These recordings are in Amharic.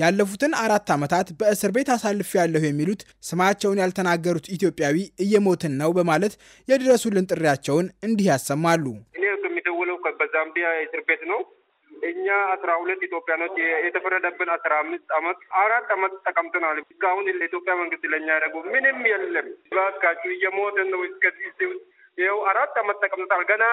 ያለፉትን አራት ዓመታት በእስር ቤት አሳልፍ ያለሁ የሚሉት ስማቸውን ያልተናገሩት ኢትዮጵያዊ እየሞትን ነው በማለት የድረሱልን ጥሪያቸውን እንዲህ ያሰማሉ። እኔ የሚደውለው በዛምቢያ እስር ቤት ነው። እኛ አስራ ሁለት ኢትዮጵያኖች የተፈረደብን አስራ አምስት አመት አራት አመት ተቀምጠናል። እስካሁን ለኢትዮጵያ መንግስት ለኛ ያደረጉ ምንም የለም። እባካችሁ እየሞትን ነው እስከዚህ ይኸው አራት ዓመት ተቀምጠናል። ገና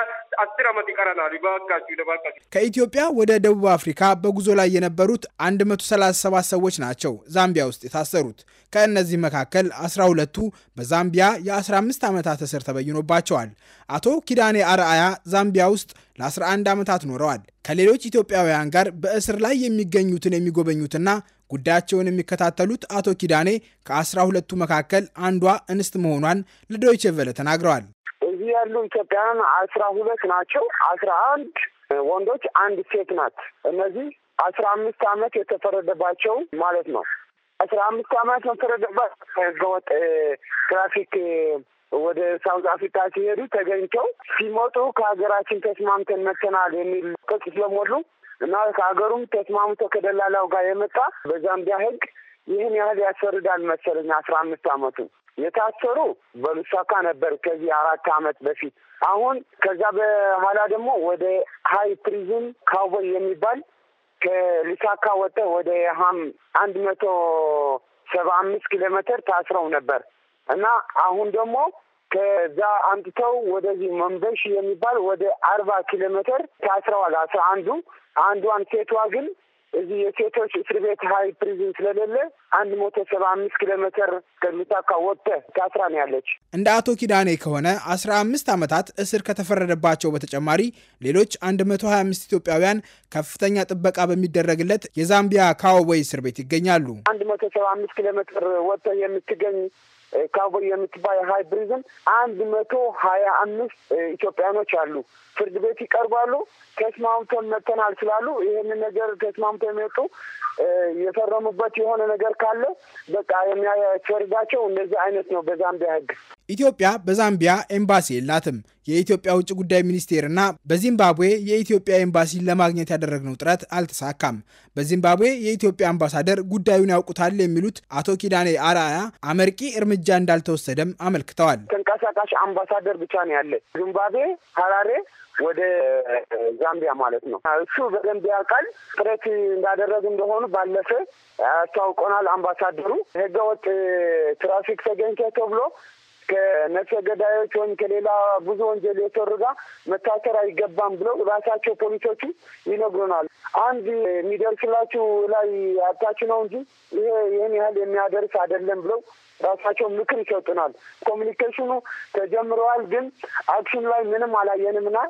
አስር ዓመት ይቀረናል። ይባካችሁ ይባካችሁ። ከኢትዮጵያ ወደ ደቡብ አፍሪካ በጉዞ ላይ የነበሩት 137 ሰዎች ናቸው ዛምቢያ ውስጥ የታሰሩት። ከእነዚህ መካከል 12ቱ በዛምቢያ የ15 ዓመታት እስር ተበይኖባቸዋል። አቶ ኪዳኔ አርአያ ዛምቢያ ውስጥ ለ11 ዓመታት ኖረዋል። ከሌሎች ኢትዮጵያውያን ጋር በእስር ላይ የሚገኙትን የሚጎበኙትና ጉዳያቸውን የሚከታተሉት አቶ ኪዳኔ ከአስራ ሁለቱ መካከል አንዷ እንስት መሆኗን ለዶይቼ ተናግረዋል። እዚህ ያሉ ኢትዮጵያውያን አስራ ሁለት ናቸው። አስራ አንድ ወንዶች፣ አንድ ሴት ናት። እነዚህ አስራ አምስት አመት የተፈረደባቸው ማለት ነው። አስራ አምስት አመት የተፈረደባት ህገወጥ ትራፊክ ወደ ሳውዝ አፍሪካ ሲሄዱ ተገኝተው ሲመጡ ከሀገራችን ተስማምተን መተናል የሚል ቅጽ ስለሞሉ እና ከሀገሩም ተስማምቶ ከደላላው ጋር የመጣ በዛምቢያ ህግ ይህን ያህል ያስፈርዳል መሰለኝ አስራ አምስት አመቱ የታሰሩ በሉሳካ ነበር ከዚህ አራት አመት በፊት። አሁን ከዛ በኋላ ደግሞ ወደ ሀይ ፕሪዝን ካውቦይ የሚባል ከሉሳካ ወጠ ወደ ሀም አንድ መቶ ሰባ አምስት ኪሎ ሜትር ታስረው ነበር እና አሁን ደግሞ ከዛ አምጥተው ወደዚህ መንበሽ የሚባል ወደ አርባ ኪሎ ሜትር ታስረዋል አስራ አንዱ አንዷን ሴቷ ግን እዚህ የሴቶች እስር ቤት ሀይ ፕሪዝን ስለሌለ አንድ መቶ ሰባ አምስት ኪሎ ሜትር ከሚታካ ወጥተ ታስራ ነው ያለች። እንደ አቶ ኪዳኔ ከሆነ አስራ አምስት ዓመታት እስር ከተፈረደባቸው በተጨማሪ ሌሎች አንድ መቶ ሀያ አምስት ኢትዮጵያውያን ከፍተኛ ጥበቃ በሚደረግለት የዛምቢያ ካወወይ እስር ቤት ይገኛሉ። አንድ መቶ ሰባ አምስት ኪሎ ሜትር ወጥተ የምትገኝ ካቦይ የምትባል ሃይብሪዝም አንድ መቶ ሀያ አምስት ኢትዮጵያኖች አሉ። ፍርድ ቤት ይቀርባሉ። ተስማምተን መተናል ስላሉ ይህንን ነገር ተስማምተው የሚወጡ የፈረሙበት የሆነ ነገር ካለ በቃ የሚያስፈርዳቸው እንደዚህ አይነት ነው በዛምቢያ ህግ። ኢትዮጵያ በዛምቢያ ኤምባሲ የላትም። የኢትዮጵያ ውጭ ጉዳይ ሚኒስቴርና በዚምባብዌ የኢትዮጵያ ኤምባሲ ለማግኘት ያደረግነው ጥረት አልተሳካም። በዚምባብዌ የኢትዮጵያ አምባሳደር ጉዳዩን ያውቁታል የሚሉት አቶ ኪዳኔ አርአያ አመርቂ እርምጃ እንዳልተወሰደም አመልክተዋል። ተንቀሳቃሽ አምባሳደር ብቻ ነው ያለ ዚምባብዌ ሀራሬ ወደ ዛምቢያ ማለት ነው። እሱ በደንብ ያውቃል። ጥረት እንዳደረግ እንደሆኑ ባለፈ አስታውቆናል። አምባሳደሩ ህገወጥ ትራፊክ ተገኝተ ተብሎ ከነፍሰ ገዳዮች ወይም ከሌላ ብዙ ወንጀል የተወሩ ጋር መታሰር አይገባም ብለው ራሳቸው ፖሊሶቹ ይነግሩናል። አንድ የሚደርስላችሁ ላይ አታች ነው እንጂ ይሄ ይህን ያህል የሚያደርስ አይደለም ብለው ራሳቸው ምክር ይሰጡናል። ኮሚኒኬሽኑ ተጀምረዋል፣ ግን አክሽን ላይ ምንም አላየንምና